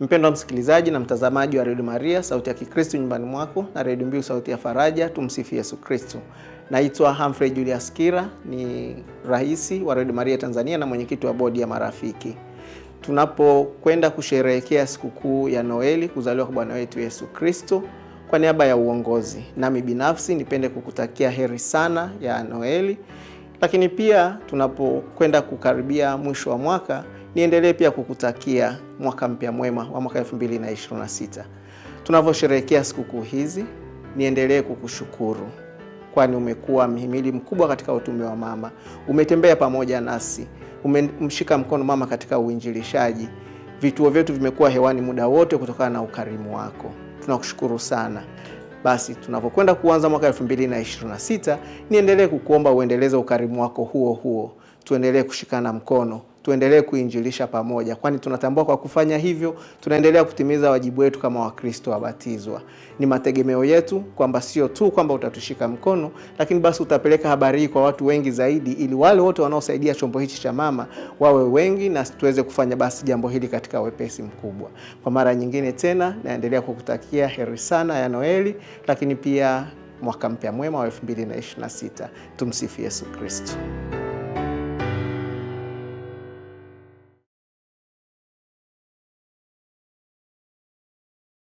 Mpendwa msikilizaji na mtazamaji wa Redio Maria sauti ya Kikristo nyumbani mwako na Redio Mbiu sauti ya Faraja, tumsifu Yesu Kristo. Naitwa Humphrey Julius Kira, ni rais wa Redio Maria Tanzania na mwenyekiti wa bodi ya marafiki. Tunapokwenda kusherehekea sikukuu ya Noeli, kuzaliwa kwa Bwana wetu Yesu Kristo, kwa niaba ya uongozi, nami binafsi nipende kukutakia heri sana ya Noeli, lakini pia tunapokwenda kukaribia mwisho wa mwaka niendelee pia kukutakia mwaka mpya mwema wa mwaka 2026. Tunavyosherehekea sikukuu hizi, niendelee kukushukuru kwani umekuwa mhimili mkubwa katika utume wa mama, umetembea pamoja nasi, umemshika mkono mama katika uinjilishaji. Vituo vyetu vimekuwa hewani muda wote kutokana na ukarimu wako, tunakushukuru sana. Basi tunavyokwenda kuanza mwaka 2026, niendelee kukuomba uendeleze ukarimu wako huo huo, tuendelee kushikana mkono tuendelee kuinjilisha pamoja, kwani tunatambua kwa kufanya hivyo tunaendelea kutimiza wajibu wetu kama Wakristo wabatizwa. Ni mategemeo yetu kwamba sio tu kwamba utatushika mkono, lakini basi utapeleka habari hii kwa watu wengi zaidi, ili wale wote wanaosaidia chombo hichi cha mama wawe wengi na tuweze kufanya basi jambo hili katika wepesi mkubwa. Kwa mara nyingine tena, naendelea kukutakia heri sana ya Noeli, lakini pia mwaka mpya mwema wa 2026. Tumsifu Yesu Kristo.